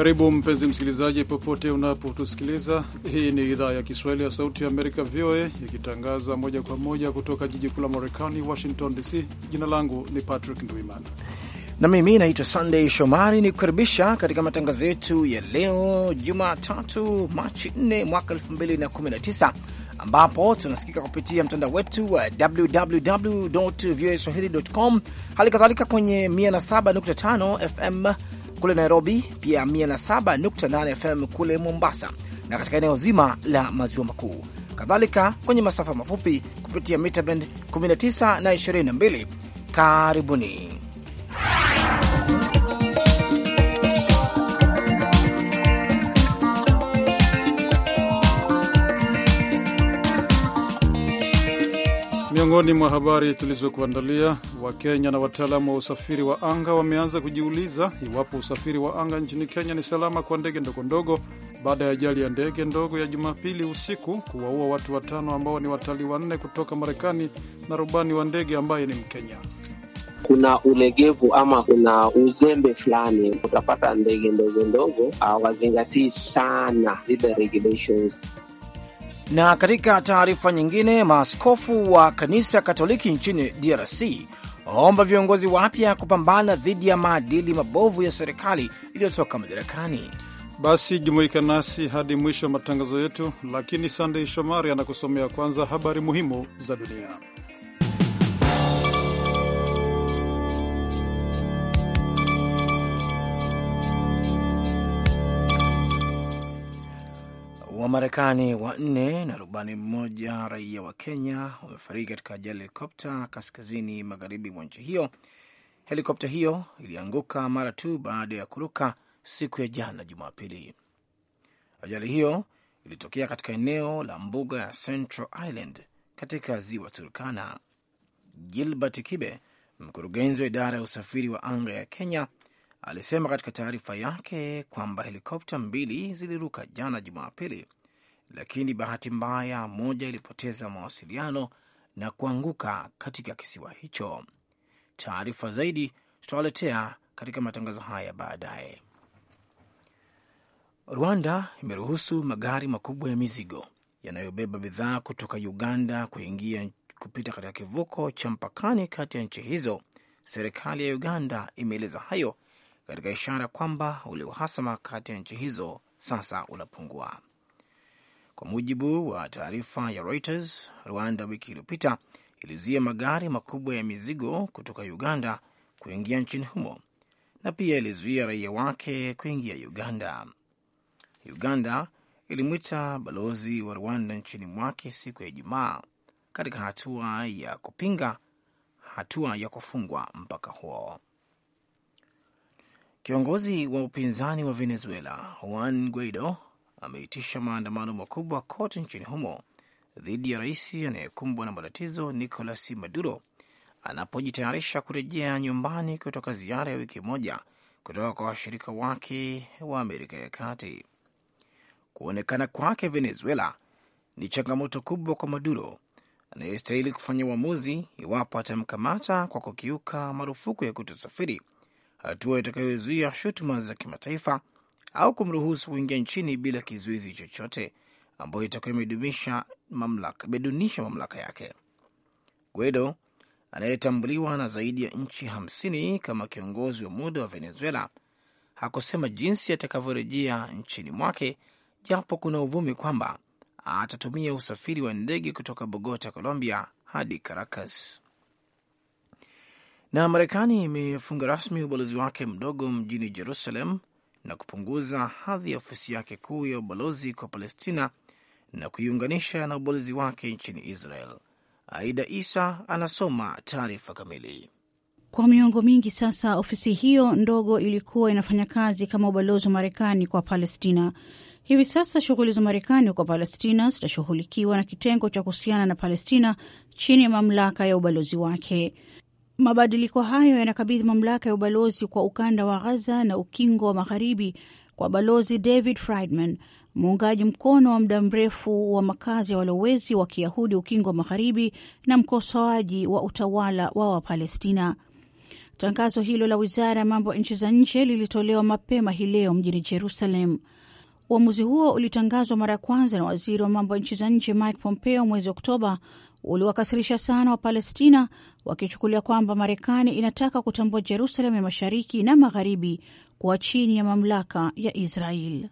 Karibu mpenzi msikilizaji, popote unapotusikiliza. Hii ni idhaa ya Kiswahili ya Sauti ya Amerika, VOA, ikitangaza moja kwa moja kutoka jiji kuu la Marekani, Washington DC. Jina langu ni Patrick Ndwimana na mimi naitwa sandey Shomari, ni kukaribisha katika matangazo yetu ya leo Jumatatu, Machi 4 mwaka 2019 ambapo tunasikika kupitia mtandao wetu wa www voa swahili com, hali kadhalika kwenye 107.5 FM kule Nairobi, pia 107.8 FM kule Mombasa na katika eneo zima la maziwa makuu, kadhalika kwenye masafa mafupi kupitia mita bend 19 na 22. Karibuni. Miongoni mwa habari tulizokuandalia, Wakenya na wataalamu wa usafiri wa anga wameanza kujiuliza iwapo usafiri wa anga nchini Kenya ni salama kwa ndege ndogondogo baada ya ajali ya ndege ndogo ya Jumapili usiku kuwaua watu watano ambao ni watalii wanne kutoka Marekani na rubani wa ndege ambaye ni Mkenya. Kuna ulegevu ama kuna uzembe fulani, utapata ndege ndogo ndogo hawazingatii sana zile regulations. Na katika taarifa nyingine, maaskofu wa kanisa Katoliki nchini DRC waomba viongozi wapya kupambana dhidi ya maadili mabovu ya serikali iliyotoka madarakani. Basi jumuika nasi hadi mwisho wa matangazo yetu, lakini Sandei Shomari anakusomea kwanza habari muhimu za dunia. Wamarekani wanne na rubani mmoja raia wa Kenya wamefariki katika ajali ya helikopta kaskazini magharibi mwa nchi hiyo. Helikopta hiyo ilianguka mara tu baada ya kuruka siku ya jana Jumapili. Ajali hiyo ilitokea katika eneo la mbuga ya Central Island katika ziwa Turkana. Gilbert Kibe, mkurugenzi wa idara ya usafiri wa anga ya Kenya, alisema katika taarifa yake kwamba helikopta mbili ziliruka jana Jumapili lakini bahati mbaya moja ilipoteza mawasiliano na kuanguka katika kisiwa hicho. Taarifa zaidi tutawaletea katika matangazo haya baadaye. Rwanda imeruhusu magari makubwa ya mizigo yanayobeba bidhaa kutoka Uganda kuingia kupita katika kivuko cha mpakani kati ya nchi hizo. Serikali ya Uganda imeeleza hayo katika ishara kwamba ule uhasama kati ya nchi hizo sasa unapungua. Kwa mujibu wa taarifa ya Reuters, Rwanda wiki iliyopita ilizuia magari makubwa ya mizigo kutoka Uganda kuingia nchini humo na pia ilizuia raia wake kuingia Uganda. Uganda ilimwita balozi wa Rwanda nchini mwake siku ya Ijumaa katika hatua ya kupinga hatua ya kufungwa mpaka huo. Kiongozi wa upinzani wa Venezuela Juan Guaido ameitisha maandamano makubwa kote nchini humo dhidi ya rais anayekumbwa na matatizo Nicolas Maduro anapojitayarisha kurejea nyumbani kutoka ziara ya wiki moja kutoka kwa washirika wake wa Amerika ya Kati. Kuonekana kwake Venezuela ni changamoto kubwa kwa Maduro anayestahili kufanya uamuzi iwapo atamkamata kwa kukiuka marufuku ya kutosafiri, hatua itakayozuia shutuma za kimataifa au kumruhusu kuingia nchini bila kizuizi chochote, ambayo itakuwa imedunisha mamlaka, mamlaka yake. Guaido anayetambuliwa na zaidi ya nchi hamsini kama kiongozi wa muda wa Venezuela hakusema jinsi atakavyorejea nchini mwake, japo kuna uvumi kwamba atatumia usafiri wa ndege kutoka Bogota, Colombia hadi Caracas. Na Marekani imefunga rasmi ubalozi wake mdogo mjini Jerusalem na kupunguza hadhi ya ofisi yake kuu ya ubalozi kwa Palestina na kuiunganisha na ubalozi wake nchini Israel. Aida Isa anasoma taarifa kamili. Kwa miongo mingi sasa, ofisi hiyo ndogo ilikuwa inafanya kazi kama ubalozi wa Marekani kwa Palestina. Hivi sasa shughuli za Marekani kwa Palestina zitashughulikiwa na kitengo cha kuhusiana na Palestina chini ya mamlaka ya ubalozi wake. Mabadiliko hayo yanakabidhi mamlaka ya ubalozi kwa ukanda wa Ghaza na ukingo wa magharibi kwa Balozi David Friedman, muungaji mkono wa muda mrefu wa makazi ya walowezi wa Kiyahudi ukingo wa magharibi na mkosoaji wa utawala wa Wapalestina. Tangazo hilo la wizara ya mambo ya nchi za nje lilitolewa mapema hii leo mjini Jerusalem. Uamuzi huo ulitangazwa mara ya kwanza na waziri wa mambo ya nchi za nje Mike Pompeo mwezi Oktoba, uliwakasirisha sana Wapalestina wakichukulia kwamba Marekani inataka kutambua Jerusalemu ya mashariki na magharibi kuwa chini ya mamlaka ya Israel.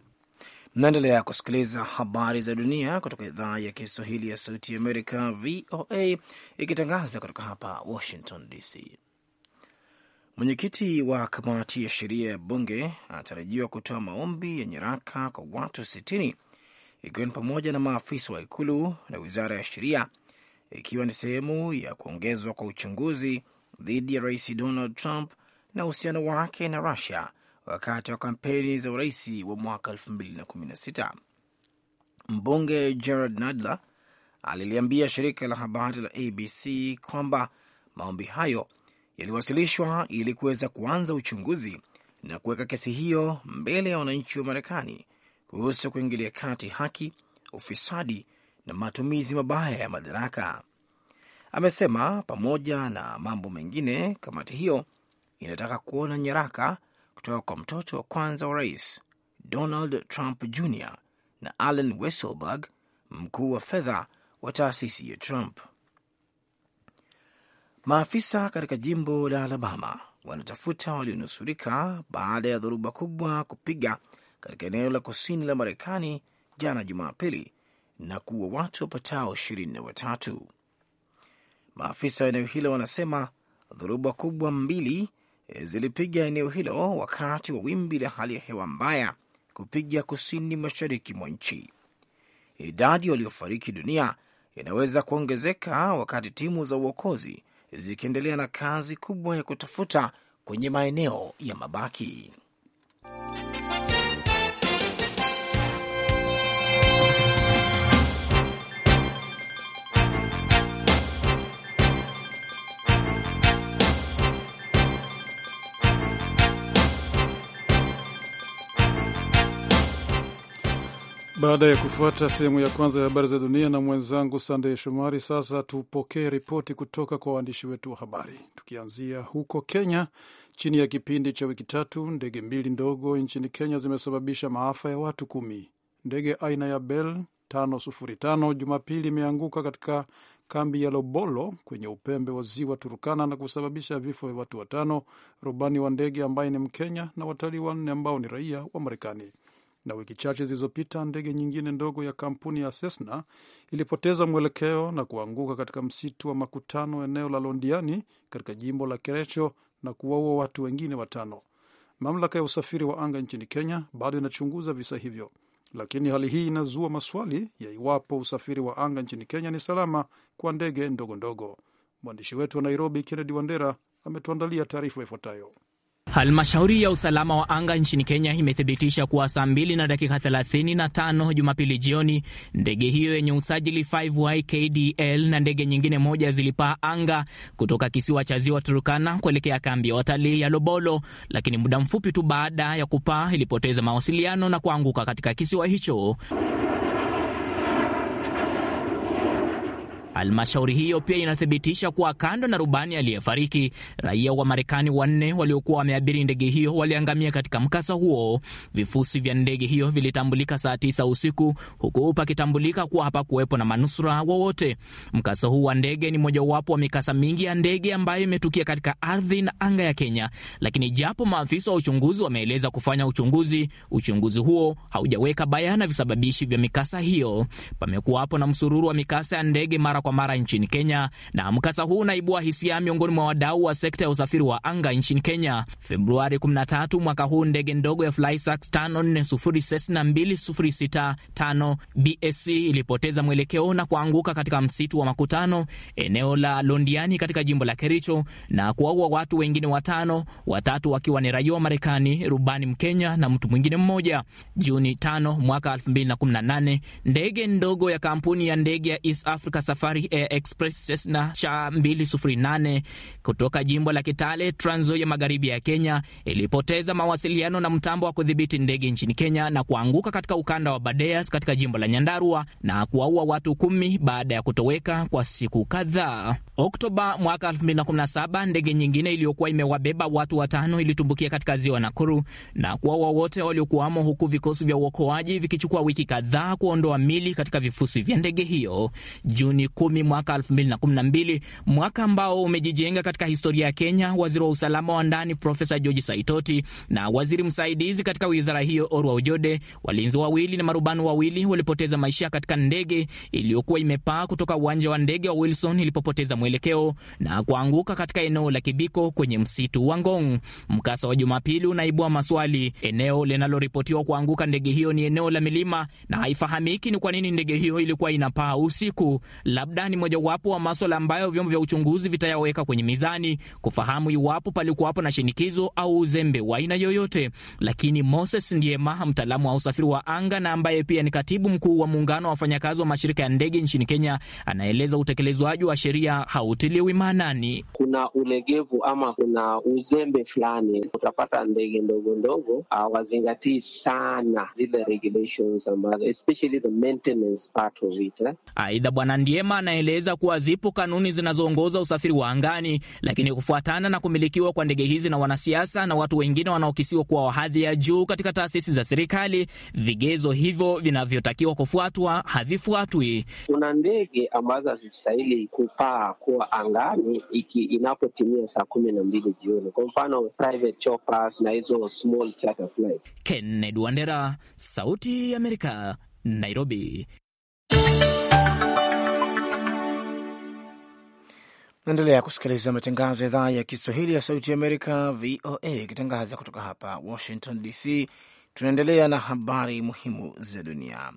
Mnaendelea kusikiliza habari za dunia kutoka idhaa ya Kiswahili ya Sauti ya Amerika, VOA, ikitangaza kutoka hapa Washington DC. Mwenyekiti wa kamati ya sheria ya bunge anatarajiwa kutoa maombi ya nyaraka kwa watu 60 ikiwa ni pamoja na maafisa wa ikulu na wizara ya sheria ikiwa ni sehemu ya kuongezwa kwa uchunguzi dhidi ya rais Donald Trump na uhusiano wake na Rusia wakati wa kampeni za urais wa mwaka 2016. Mbunge Gerald Nadler aliliambia shirika la habari la ABC kwamba maombi hayo yaliwasilishwa ili kuweza kuanza uchunguzi na kuweka kesi hiyo mbele ya wananchi wa Marekani kuhusu kuingilia kati haki, ufisadi na matumizi mabaya ya madaraka. Amesema pamoja na mambo mengine, kamati hiyo inataka kuona nyaraka kutoka kwa mtoto wa kwanza wa rais Donald Trump Jr na Allen Weselberg, mkuu wa fedha wa taasisi ya Trump. Maafisa katika jimbo la Alabama wanatafuta walionusurika baada ya dhoruba kubwa kupiga katika eneo la kusini la Marekani jana Jumapili na kuwa watu wapatao ishirini na watatu. Maafisa wa eneo hilo wanasema dhoruba kubwa mbili eh, zilipiga eneo hilo wakati wa wimbi la hali ya hewa mbaya kupiga kusini mashariki mwa nchi. Idadi waliofariki dunia inaweza kuongezeka wakati timu za uokozi zikiendelea na kazi kubwa ya kutafuta kwenye maeneo ya mabaki. Baada ya kufuata sehemu ya kwanza ya habari za dunia na mwenzangu Sandey Shomari, sasa tupokee ripoti kutoka kwa waandishi wetu wa habari, tukianzia huko Kenya. Chini ya kipindi cha wiki tatu, ndege mbili ndogo nchini Kenya zimesababisha maafa ya watu kumi. Ndege aina ya Bell 505 Jumapili imeanguka katika kambi ya Lobolo kwenye upembe wa ziwa Turukana na kusababisha vifo vya watu watano, rubani wa ndege ambaye ni Mkenya na watalii wanne ambao ni raia wa Marekani na wiki chache zilizopita ndege nyingine ndogo ya kampuni ya Cessna ilipoteza mwelekeo na kuanguka katika msitu wa makutano eneo la Londiani katika jimbo la kerecho na kuwaua watu wengine watano. Mamlaka ya usafiri wa anga nchini Kenya bado inachunguza visa hivyo, lakini hali hii inazua maswali ya iwapo usafiri wa anga nchini Kenya ni salama kwa ndege ndogo ndogo. Mwandishi wetu wa Nairobi, Kennedy Wandera, ametuandalia taarifa ifuatayo. Halmashauri ya usalama wa anga nchini Kenya imethibitisha kuwa saa 2 na dakika 35 Jumapili jioni ndege hiyo yenye usajili 5YKDL na ndege nyingine moja zilipaa anga kutoka kisiwa cha ziwa Turukana kuelekea kambi ya watalii ya Lobolo, lakini muda mfupi tu baada ya kupaa ilipoteza mawasiliano na kuanguka katika kisiwa hicho. Halmashauri hiyo pia inathibitisha kuwa kando na rubani aliyefariki, raia wa Marekani wanne waliokuwa wameabiri ndege hiyo waliangamia katika mkasa huo. Vifusi vya ndege hiyo vilitambulika saa tisa usiku, huku pakitambulika kuwa hapakuwepo na manusura wowote. Mkasa huu wa ndege ni mojawapo wa mikasa mingi ya ndege ambayo imetukia katika ardhi na anga ya Kenya, lakini japo maafisa wa uchunguzi wameeleza kufanya uchunguzi, uchunguzi huo haujaweka bayana visababishi vya mikasa hiyo. Pamekuwapo na msururu wa mikasa ya ndege mara kwa mara nchini Kenya, na mkasa huu unaibua hisia miongoni mwa wadau wa sekta ya usafiri wa anga nchini Kenya. Februari 13 mwaka huu ndege ndogo ya Flysax 540 Cessna 2065 BSc ilipoteza mwelekeo na kuanguka katika msitu wa Makutano, eneo la Londiani katika jimbo la Kericho na kuwaua watu wengine watano, watatu wakiwa ni raia wa Marekani, rubani Mkenya na mtu mwingine mmoja. Juni 5 mwaka 2018 ndege ndogo ya kampuni ya ndege ya East Africa Safari Safari Air Express na cha 208 kutoka jimbo la Kitale, Trans Nzoia, magharibi ya Kenya, ilipoteza mawasiliano na mtambo wa kudhibiti ndege nchini Kenya na kuanguka katika ukanda wa Badeas katika jimbo la Nyandarua na kuwaua watu kumi baada ya kutoweka kwa siku kadhaa. Oktoba mwaka 2017 ndege nyingine iliyokuwa imewabeba watu watano ilitumbukia katika ziwa Nakuru na kuwaua wote waliokuwamo, huku vikosi vya uokoaji vikichukua wiki kadhaa kuondoa mili katika vifusi vya ndege hiyo. Juni kumi mwaka elfu mbili na na kumi mbili mwaka ambao umejijenga katika historia ya Kenya, waziri wa usalama wa ndani Profesa George Saitoti na waziri msaidizi katika wizara hiyo Orwa Ujode, walinzi wawili na marubani wawili walipoteza maisha katika ndege iliyokuwa imepaa kutoka uwanja wa ndege wa Wilson ilipopoteza mwelekeo na kuanguka katika eneo la Kibiko kwenye msitu wa Ngong. Mkasa wa Jumapili unaibua maswali. Eneo linaloripotiwa kuanguka ndege hiyo ni eneo la milima na haifahamiki ni kwa nini ndege hiyo ilikuwa inapaa usiku, labda labda ni mojawapo wa maswala ambayo vyombo vya uchunguzi vitayaweka kwenye mizani kufahamu iwapo palikuwapo na shinikizo au uzembe wa aina yoyote. Lakini Moses Ndiemaha, mtaalamu wa usafiri wa anga na ambaye pia ni katibu mkuu wa muungano wa wafanyakazi wa mashirika ya ndege nchini Kenya, anaeleza utekelezwaji wa sheria hautiliwi maanani. Kuna ulegevu ama kuna uzembe fulani, utapata ndege ndogo ndogo hawazingatii sana zile regulations ambazo especially the maintenance part of it. Eh. Aidha, bwana Ndiema anaeleza kuwa zipo kanuni zinazoongoza usafiri wa angani, lakini kufuatana na kumilikiwa kwa ndege hizi na wanasiasa na watu wengine wanaokisiwa kuwa wa hadhi ya juu katika taasisi za serikali, vigezo hivyo vinavyotakiwa kufuatwa havifuatwi. Kuna ndege ambazo hazistahili kupaa kuwa angani iki inapotimia saa kumi na mbili jioni, kwa mfano private choppers na hizo small charter flights. Kennedy Wandera, Sauti ya Amerika, Nairobi. Naendelea kusikiliza matangazo ya idhaa ya Kiswahili ya Sauti Amerika, VOA, ikitangaza kutoka hapa Washington DC. Tunaendelea na habari muhimu za dunia.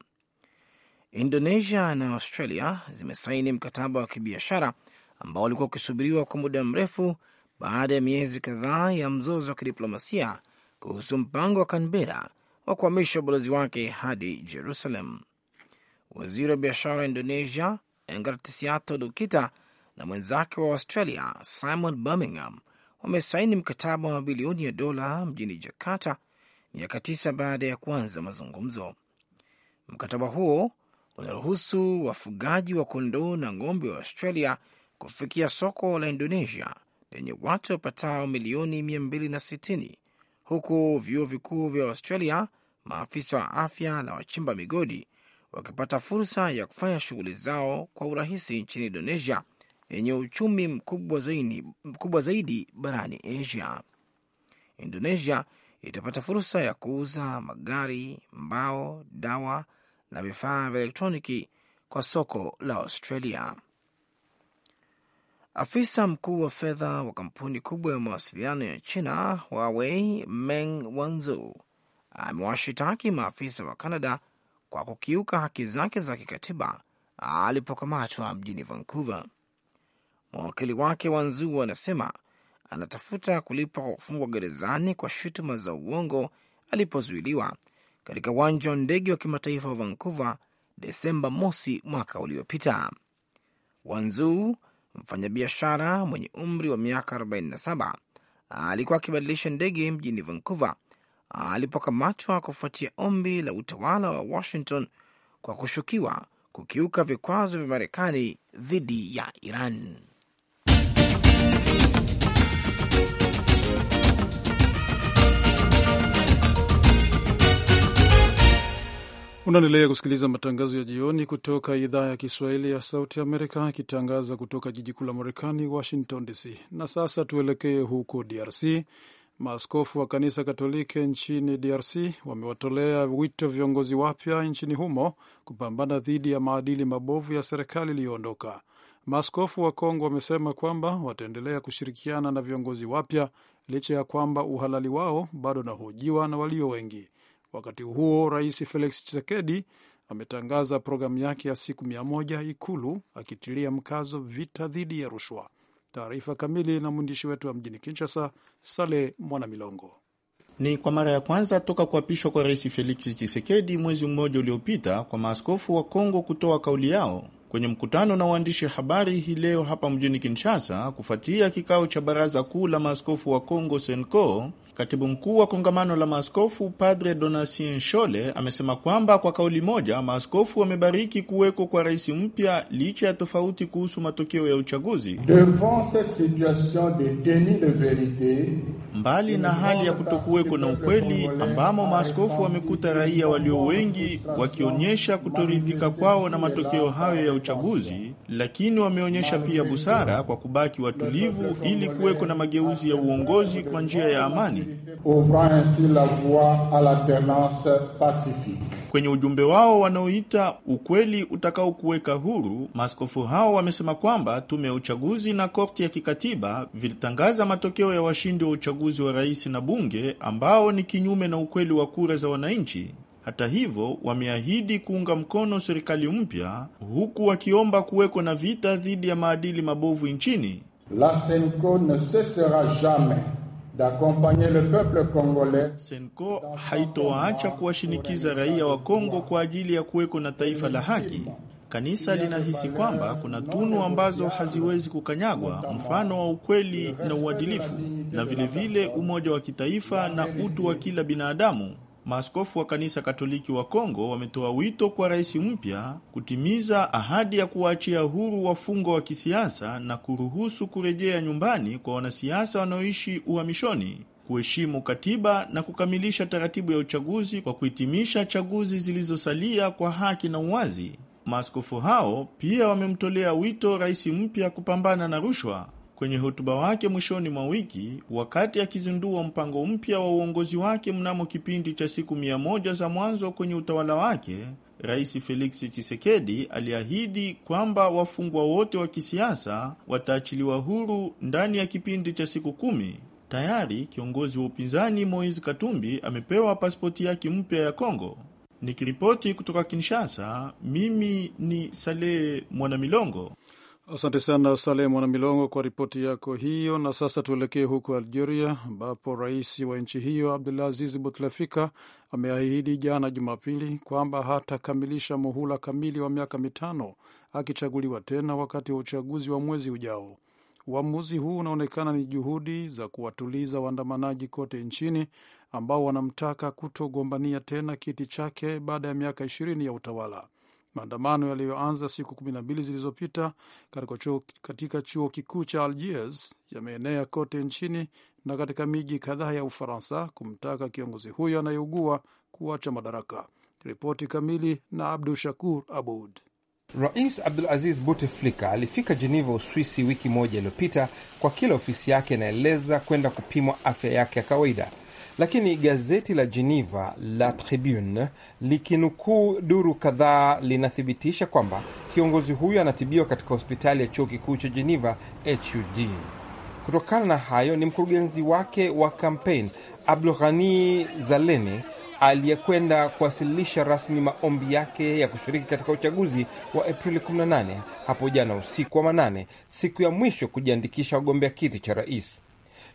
Indonesia na Australia zimesaini mkataba wa kibiashara ambao ulikuwa ukisubiriwa kwa muda mrefu baada ya miezi kadhaa ya mzozo wa kidiplomasia kuhusu mpango wa Canberra wa kuhamisha ubalozi wake hadi Jerusalem. Waziri wa biashara wa Indonesia Engartisiato Lukita na mwenzake wa Australia Simon Birmingham wamesaini mkataba wa mabilioni ya dola mjini Jakarta miaka tisa baada ya kuanza mazungumzo. Mkataba huo unaruhusu wafugaji wa kondoo na ng'ombe wa Australia kufikia soko la Indonesia lenye watu wapatao milioni 260 huku vyuo vikuu vya Australia, maafisa wa afya na wachimba migodi wakipata fursa ya kufanya shughuli zao kwa urahisi nchini Indonesia yenye uchumi mkubwa zaidi, mkubwa zaidi barani Asia. Indonesia itapata fursa ya kuuza magari, mbao, dawa na vifaa vya elektroniki kwa soko la Australia. Afisa mkuu wa fedha wa kampuni kubwa ya mawasiliano ya China Huawei, Meng Wanzhou, amewashitaki maafisa wa Canada kwa kukiuka haki zake za kikatiba alipokamatwa mjini Vancouver. Mawakili wake Wanzuu wanasema anatafuta kulipwa kwa kufungwa gerezani kwa shutuma za uongo alipozuiliwa katika uwanja wa ndege wa kimataifa wa Vancouver Desemba mosi mwaka uliopita. Wanzuu, mfanyabiashara mwenye umri wa miaka 47, alikuwa akibadilisha ndege mjini Vancouver alipokamatwa kufuatia ombi la utawala wa Washington kwa kushukiwa kukiuka vikwazo vya Marekani dhidi ya Iran. Unaendelea kusikiliza matangazo ya jioni kutoka idhaa ya Kiswahili ya Sauti Amerika, ikitangaza kutoka jiji kuu la Marekani, Washington DC. Na sasa tuelekee huko DRC. Maaskofu wa kanisa Katoliki nchini DRC wamewatolea wito viongozi wapya nchini humo kupambana dhidi ya maadili mabovu ya serikali iliyoondoka. Maaskofu wa Kongo wamesema kwamba wataendelea kushirikiana na viongozi wapya licha ya kwamba uhalali wao bado unahojiwa na walio wengi. Wakati huo Rais Felix Tshisekedi ametangaza programu yake ya siku mia moja Ikulu, akitilia mkazo vita dhidi ya rushwa. Taarifa kamili na mwandishi wetu wa mjini Kinshasa, Sale Mwanamilongo. Ni kwa mara ya kwanza toka kuapishwa kwa Rais Felix Tshisekedi mwezi mmoja uliopita kwa maaskofu wa Kongo kutoa kauli yao kwenye mkutano na waandishi habari hii leo hapa mjini Kinshasa kufuatia kikao cha baraza kuu la maaskofu wa Kongo, Senco, Katibu mkuu wa kongamano la maaskofu Padre Donatien Shole amesema kwamba kwa kauli moja maaskofu wamebariki kuweko kwa rais mpya licha ya tofauti kuhusu matokeo ya uchaguzi. mbali na hali ya kutokuweko na ukweli ambamo maaskofu wamekuta raia walio wengi wakionyesha kutoridhika kwao na matokeo hayo ya uchaguzi lakini wameonyesha pia busara kwa kubaki watulivu ili kuweko na mageuzi ya uongozi kwa njia ya amani. Kwenye ujumbe wao wanaoita ukweli utakaokuweka huru, maaskofu hao wamesema kwamba tume ya uchaguzi na korti ya kikatiba vilitangaza matokeo ya washindi wa uchaguzi wa rais na bunge ambao ni kinyume na ukweli wa kura za wananchi hata hivyo, wameahidi kuunga mkono serikali mpya huku wakiomba kuweko na vita dhidi ya maadili mabovu nchini. La Senko ne cessera jamais Le peuple congolais. Senko kuwashinikiza raia wa Kongo kwa ajili ya kuweko na taifa la haki. Kanisa linahisi kwamba kuna tunu ambazo haziwezi kukanyagwa, mfano wa ukweli na uadilifu, na vilevile vile umoja wa kitaifa na utu wa kila binadamu. Maaskofu wa kanisa Katoliki wa Kongo wametoa wito kwa rais mpya kutimiza ahadi ya kuwaachia huru wafungwa wa kisiasa na kuruhusu kurejea nyumbani kwa wanasiasa wanaoishi uhamishoni, kuheshimu katiba na kukamilisha taratibu ya uchaguzi kwa kuhitimisha chaguzi zilizosalia kwa haki na uwazi. Maaskofu hao pia wamemtolea wito rais mpya kupambana na rushwa Kwenye hotuba wake mwishoni mwa wiki wakati akizindua mpango mpya wa uongozi wake mnamo kipindi cha siku mia moja za mwanzo kwenye utawala wake, Rais feliksi chisekedi aliahidi kwamba wafungwa wote wa kisiasa wataachiliwa huru ndani ya kipindi cha siku kumi. Tayari kiongozi wa upinzani Moise Katumbi amepewa pasipoti yake mpya ya Kongo. Nikiripoti kutoka Kinshasa, mimi ni Saleh Mwanamilongo. Asante sana Saleh Mwana Milongo kwa ripoti yako hiyo. Na sasa tuelekee huko Algeria, ambapo rais wa nchi hiyo Abdulaziz butlefika ameahidi jana Jumapili kwamba hatakamilisha muhula kamili wa miaka mitano akichaguliwa tena wakati wa uchaguzi wa mwezi ujao. Uamuzi huu unaonekana ni juhudi za kuwatuliza waandamanaji kote nchini ambao wanamtaka kutogombania tena kiti chake baada ya miaka ishirini ya utawala. Maandamano yaliyoanza siku kumi na mbili zilizopita katika chuo kikuu cha Algiers yameenea kote nchini na katika miji kadhaa ya Ufaransa kumtaka kiongozi huyo anayeugua kuacha madaraka. Ripoti kamili na Abdu Shakur Abud. Rais Abdul Aziz Bouteflika alifika Jeneva, Uswisi, wiki moja iliyopita kwa kila ofisi yake inaeleza kwenda kupimwa afya yake ya kawaida. Lakini gazeti la Geneva la Tribune likinukuu duru kadhaa linathibitisha kwamba kiongozi huyo anatibiwa katika hospitali ya chuo kikuu cha Geneva HUD. Kutokana na hayo, ni mkurugenzi wake wa kampeni Abdulghani Zaleni aliyekwenda kuwasilisha rasmi maombi yake ya kushiriki katika uchaguzi wa Aprili 18 hapo jana usiku wa manane, siku ya mwisho kujiandikisha wagombea kiti cha rais.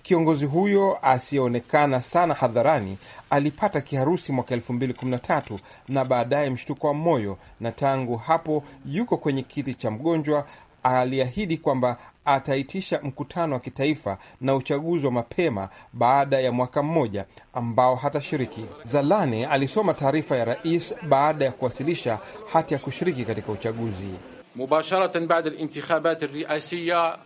Kiongozi huyo asiyeonekana sana hadharani alipata kiharusi mwaka elfu mbili kumi na tatu na baadaye mshtuko wa moyo, na tangu hapo yuko kwenye kiti cha mgonjwa. Aliahidi kwamba ataitisha mkutano wa kitaifa na uchaguzi wa mapema baada ya mwaka mmoja ambao hatashiriki. Zalane alisoma taarifa ya rais baada ya kuwasilisha hati ya kushiriki katika uchaguzi.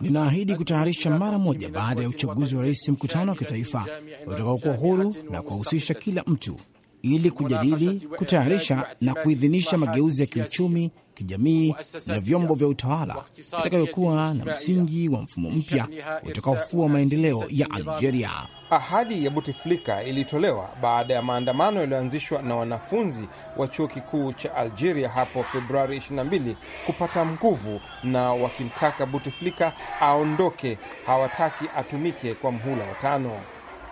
Ninaahidi kutayarisha mara moja baada ya uchaguzi wa rais mkutano wa kitaifa utakaokuwa huru na kuwahusisha kila mtu ili kujadili, kutayarisha na kuidhinisha mageuzi ya kiuchumi, kijamii na vyombo vya utawala itakayokuwa na msingi wa mfumo mpya utakaofufua maendeleo ya Algeria. Ahadi ya Butiflika ilitolewa baada ya maandamano yaliyoanzishwa na wanafunzi wa chuo kikuu cha Algeria hapo Februari 22 kupata nguvu na wakimtaka Butiflika aondoke, hawataki atumike kwa mhula wa tano.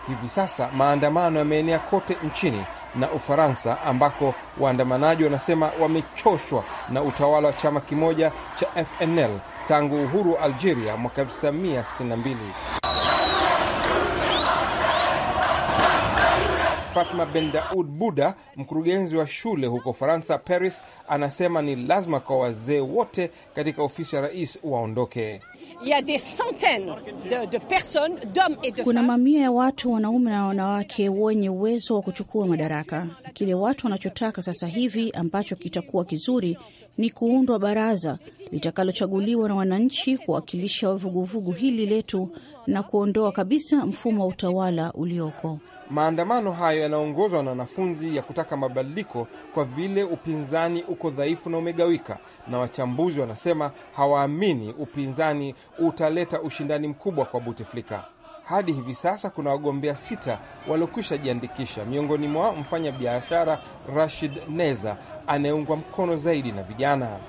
Hivi sasa maandamano yameenea kote nchini na Ufaransa, ambako waandamanaji wanasema wamechoshwa na utawala wa chama kimoja cha FNL tangu uhuru wa Algeria mwaka 1962. Fatma Ben Daud Buda, mkurugenzi wa shule huko Faransa, Paris, anasema ni lazima kwa wazee wote katika ofisi ya rais waondoke. Kuna mamia ya watu wanaume na wanawake wenye uwezo wa kuchukua madaraka. Kile watu wanachotaka sasa hivi ambacho kitakuwa kizuri ni kuundwa baraza litakalochaguliwa na wananchi kuwakilisha vuguvugu hili letu na kuondoa kabisa mfumo wa utawala ulioko. Maandamano hayo yanaongozwa na wanafunzi ya kutaka mabadiliko kwa vile upinzani uko dhaifu na umegawika, na wachambuzi wanasema hawaamini upinzani utaleta ushindani mkubwa kwa buteflika Hadi hivi sasa kuna wagombea sita waliokwisha jiandikisha, miongoni mwao mfanya biashara Rashid Neza anayeungwa mkono zaidi na vijana.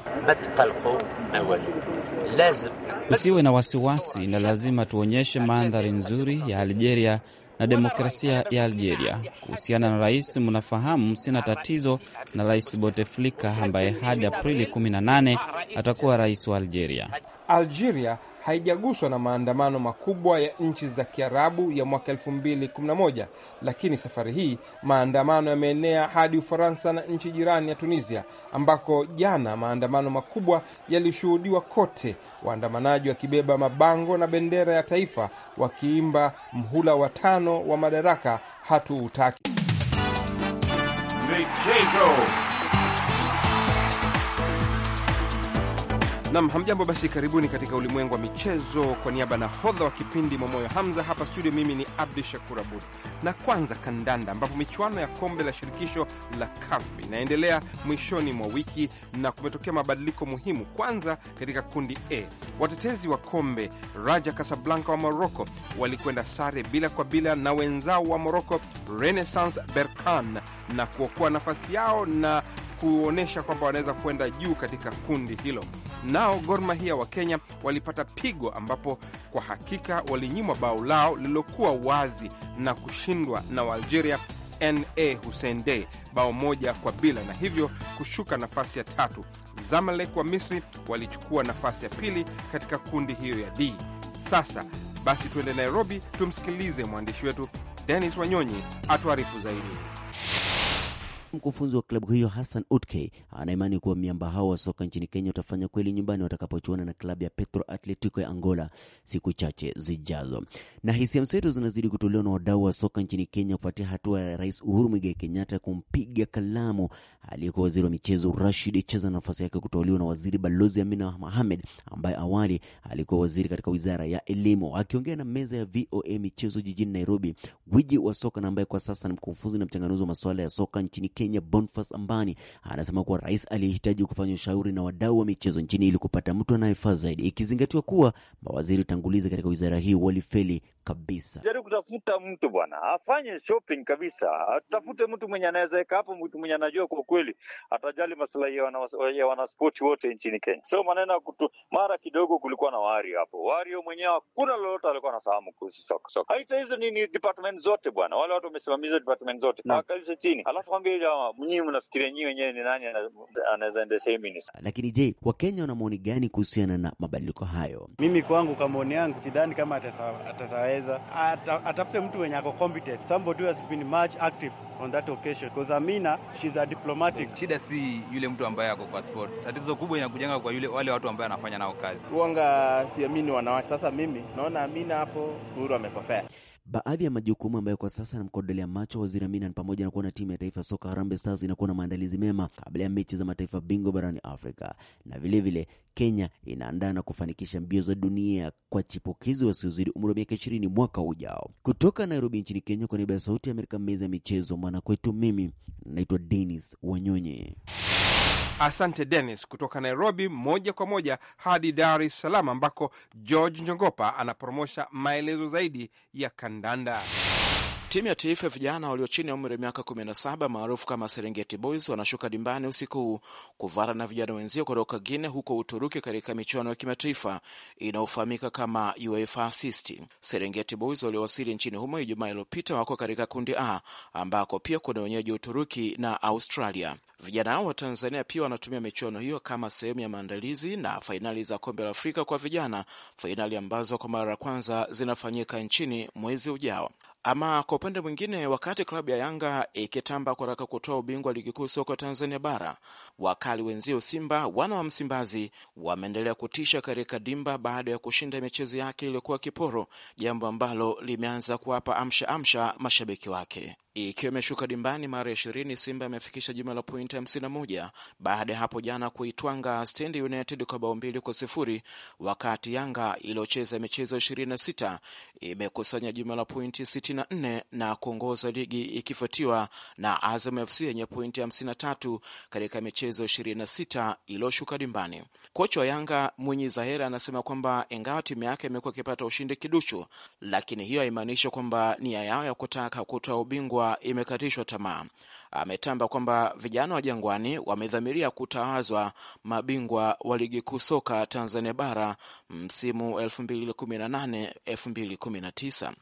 Usiwe na wasiwasi, na lazima tuonyeshe mandhari nzuri ya Algeria na demokrasia ya Algeria. Kuhusiana na rais, mnafahamu sina tatizo na Rais Bouteflika ambaye hadi Aprili 18 atakuwa rais wa Algeria. Algeria haijaguswa na maandamano makubwa ya nchi za Kiarabu ya mwaka 2011 lakini safari hii maandamano yameenea hadi Ufaransa na nchi jirani ya Tunisia, ambako jana maandamano makubwa yalishuhudiwa kote, waandamanaji wakibeba mabango na bendera ya taifa wakiimba mhula wa tano wa madaraka hatuutaki. Michezo. Nam, hamjambo. Basi karibuni katika ulimwengu wa michezo. Kwa niaba na hodha wa kipindi Mwamoyo Hamza hapa studio, mimi ni Abdu Shakur Abud. Na kwanza kandanda, ambapo michuano ya kombe la shirikisho la KAFU inaendelea mwishoni mwa wiki na kumetokea mabadiliko muhimu. Kwanza katika kundi A, watetezi wa kombe Raja Kasablanka wa Moroko walikwenda sare bila kwa bila na wenzao wa Moroko Renaissance Berkan na kuokoa nafasi yao na kuonyesha kwamba wanaweza kwenda juu katika kundi hilo. Nao Gor Mahia wa Kenya walipata pigo, ambapo kwa hakika walinyimwa bao lao lililokuwa wazi na kushindwa na Waalgeria na Hussein Dey bao moja kwa bila, na hivyo kushuka nafasi ya tatu. Zamalek wa Misri walichukua nafasi ya pili katika kundi hiyo ya D. Sasa basi, tuende Nairobi tumsikilize mwandishi wetu Denis Wanyonyi atuarifu zaidi. Mkufunzi wa klabu hiyo Hassan Utke anaimani kuwa miamba hao wa soka nchini Kenya watafanya kweli nyumbani watakapochuana na klabu ya Petro Atletico ya Angola siku chache zijazo. Na hisia mseto zinazidi kutolewa na wadau wa soka nchini Kenya kufuatia hatua ya Rais Uhuru Muigai Kenyatta kumpiga kalamu aliyekuwa waziri wa michezo Rashid Cheza, na nafasi yake kutoliwa na waziri Balozi Amina Mohamed ambaye awali alikuwa waziri katika wizara ya elimu. Akiongea na meza ya VOA michezo jijini Nairobi, gwiji wa soka na ambaye kwa sasa ni mkufunzi na mchanganuzi wa masuala ya soka nchini Kenya Kenya Bonfas Ambani anasema kuwa rais alihitaji kufanya ushauri na wadau wa michezo nchini ili kupata mtu anayefaa zaidi, ikizingatiwa kuwa mawaziri tangulizi katika wizara hii walifeli kabisa. Jaribu kutafuta mtu bwana afanye shopping kabisa, atafute mtu mwenye anawezaweka hapo, mtu mwenye anajua kwa kweli atajali maslahi ya wanaspoti wana wote nchini Kenya. So maneno ya kutu mara kidogo kulikuwa na wari hapo, wario mwenyewe hakuna lolote alikuwa anafahamu kuhusu soka soka. Haita hizo ni department zote bwana, wale watu wamesimamiza department zote, akalishe chini alafu ambia kama nyinyi mnafikiria nyinyi wenyewe ni nani anaweza endesha hii ministry. Lakini je, Wakenya wana maoni gani kuhusiana na mabadiliko hayo? Mimi kwangu, kwa maoni yangu, sidhani kama ataweza. Atafute mtu mwenye ako competent, somebody who has been much active on that occasion because Amina she's a diplomatic. Shida si yule mtu ambaye ako kwa sport, tatizo kubwa inakujenga kwa yule wale watu ambao anafanya nao kazi. Uanga siamini wanawake. Sasa mimi naona Amina hapo Uhuru amekosea. Baadhi ya majukumu ambayo kwa sasa anamkodolea macho Waziri Amina ni pamoja na kuona timu ya taifa soka Harambee Stars inakuwa na maandalizi mema kabla ya mechi za mataifa bingwa barani Afrika, na vilevile vile, Kenya inaandaa na kufanikisha mbio za dunia kwa chipukizi wasiozidi umri wa miaka ishirini mwaka ujao. Kutoka Nairobi nchini Kenya, kwa niaba ya Sauti ya Amerika, meza ya michezo, mwanakwetu, mimi naitwa Dennis Wanyonyi. Asante Dennis, kutoka Nairobi moja kwa moja hadi Dar es Salaam ambako George Njongopa anapromosha maelezo zaidi ya kandanda. Timu ya taifa ya vijana walio chini ya umri wa miaka 17 maarufu kama Serengeti Boys wanashuka dimbani usiku huu kuvara na vijana wenzio kutoka guine huko Uturuki katika michuano ya kimataifa inayofahamika kama UEFA Assist. Serengeti Boys waliowasili nchini humo Ijumaa iliyopita wako katika kundi A ambako pia kuna wenyeji Uturuki na Australia. Vijana hao wa Tanzania pia wanatumia michuano hiyo kama sehemu ya maandalizi na fainali za kombe la Afrika kwa vijana, fainali ambazo kwa mara ya kwanza zinafanyika nchini mwezi ujao. Ama kwa upande mwingine, wakati klabu ya Yanga ikitamba kutaka kutoa ubingwa ligi kuu soka Tanzania bara, wakali wenzio Simba wana wa Msimbazi wameendelea kutisha katika dimba baada ya kushinda michezo yake iliyokuwa kiporo, jambo ambalo limeanza kuwapa amsha amsha mashabiki wake. Ikiwa imeshuka dimbani mara ishirini, Simba imefikisha jumla la pointi 51 baada ya hapo jana kuitwanga Stand United kwa bao mbili kwa sifuri, wakati Yanga iliyocheza michezo 26 imekusanya jumla la pointi 64 na kuongoza ligi ikifuatiwa na Azam FC yenye pointi 53 katika michezo 26 iliyoshuka dimbani. Kocha wa Yanga Mwinyi Zahera anasema kwamba ingawa timu yake imekuwa ikipata ushindi kiduchu, lakini hiyo haimaanishi kwamba nia yao ya kutaka kutoa ubingwa kuwa imekatishwa tamaa. Ametamba kwamba vijana wa Jangwani wamedhamiria kutawazwa mabingwa wa ligi kuu soka Tanzania bara msimu 2018 2019.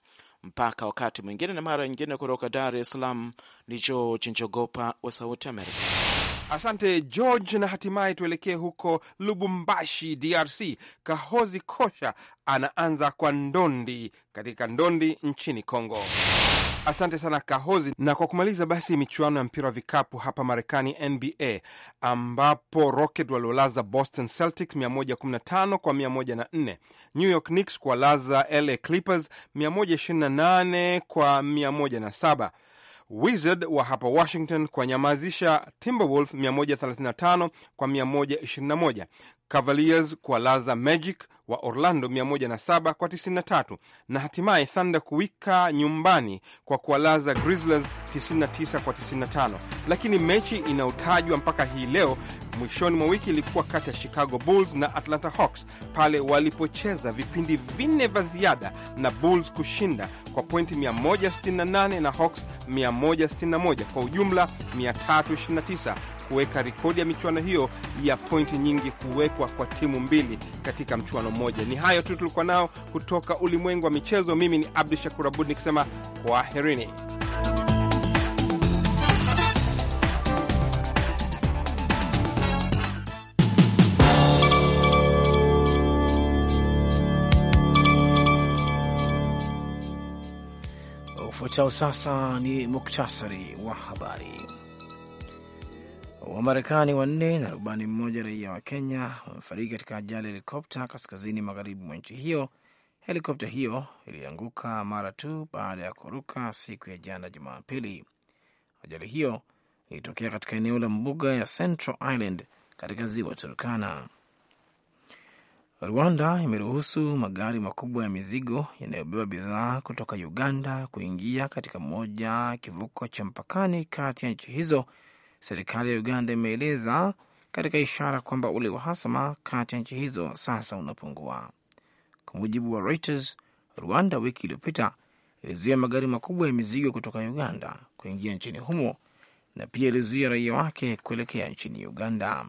Mpaka wakati mwingine na mara nyingine, kutoka Dar es Salaam ni Joo Njogopa wa Sauti Amerika. Asante George, na hatimaye tuelekee huko Lubumbashi, DRC. Kahozi Kosha anaanza kwa ndondi katika ndondi nchini Kongo. Asante sana Kahozi. Na kwa kumaliza basi, michuano ya mpira wa vikapu hapa Marekani, NBA, ambapo Rocket waliolaza Boston Celtics 115 kwa 104, New York Knicks kuwalaza LA Clippers 128 kwa 107 Wizard wa hapa Washington kuwanyamazisha Timberwolf 135 kwa 121 Cavaliers kuwalaza Magic wa Orlando 107 kwa 93 na hatimaye Thunder kuwika nyumbani kwa kuwalaza Grizzlies 99 kwa 95. Lakini mechi inayotajwa mpaka hii leo mwishoni mwa wiki ilikuwa kati ya Chicago Bulls na Atlanta Hawks pale walipocheza vipindi vinne vya ziada na Bulls kushinda kwa pointi 168 na Hawks 161, kwa ujumla 329 kuweka rekodi ya michuano hiyo ya pointi nyingi kuwekwa kwa timu mbili katika mchuano mmoja. Ni hayo tu tulikuwa nao kutoka ulimwengu wa michezo. Mimi ni Abdu Shakur Abud nikisema kwaherini. Ufuatao sasa ni muktasari wa habari. Wamarekani wanne na rubani mmoja raia wa Kenya wamefariki katika ajali ya helikopta kaskazini magharibi mwa nchi hiyo. Helikopta hiyo ilianguka mara tu baada ya kuruka siku ya jana Jumapili. Ajali hiyo ilitokea katika eneo la mbuga ya Central Island katika ziwa Turkana. Rwanda imeruhusu magari makubwa ya mizigo yanayobeba bidhaa kutoka Uganda kuingia katika moja kivuko cha mpakani kati ya nchi hizo Serikali ya Uganda imeeleza katika ishara kwamba ule uhasama kati ya nchi hizo sasa unapungua. Kwa mujibu wa Reuters, Rwanda wiki iliyopita ilizuia magari makubwa ya mizigo kutoka Uganda kuingia nchini humo na pia ilizuia raia wake kuelekea nchini Uganda.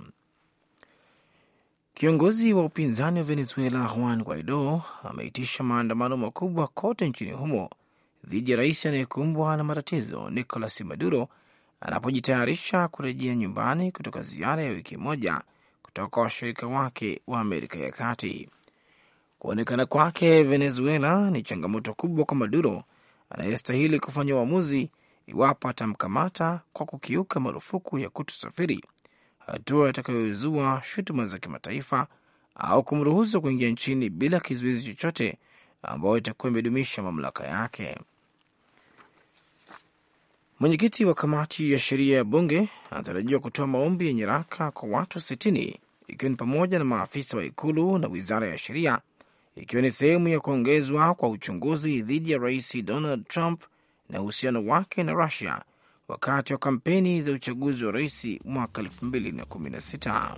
Kiongozi wa upinzani wa Venezuela Juan Guaido ameitisha maandamano makubwa kote nchini humo dhidi ya rais anayekumbwa na matatizo Nicolas Maduro anapojitayarisha kurejea nyumbani kutoka ziara ya wiki moja kutoka washirika wake wa Amerika ya Kati. Kuonekana kwake Venezuela ni changamoto kubwa kwa Maduro anayestahili kufanya uamuzi iwapo atamkamata kwa kukiuka marufuku ya kutusafiri, hatua itakayozua shutuma za kimataifa au kumruhusu kuingia nchini bila kizuizi chochote, ambayo itakuwa imedumisha mamlaka yake. Mwenyekiti wa kamati ya sheria ya bunge anatarajiwa kutoa maombi ya nyaraka kwa watu 60 ikiwa ni pamoja na maafisa wa ikulu na wizara ya sheria, ikiwa ni sehemu ya kuongezwa kwa uchunguzi dhidi ya rais Donald Trump na uhusiano wake na Rusia wakati wa kampeni za uchaguzi wa rais mwaka 216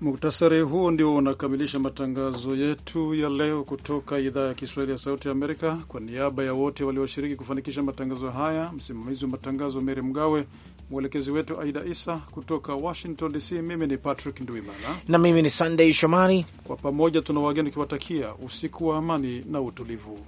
Muktasari huu ndio unakamilisha matangazo yetu ya leo kutoka idhaa ya Kiswahili ya Sauti Amerika. Kwa niaba ya wote walioshiriki kufanikisha matangazo haya, msimamizi wa matangazo mery Mgawe, mwelekezi wetu Aida Isa kutoka Washington DC. Mimi ni Patrick Ndwimana na mimi ni Sandey Shomari. Kwa pamoja tuna wageni ukiwatakia usiku wa amani na utulivu.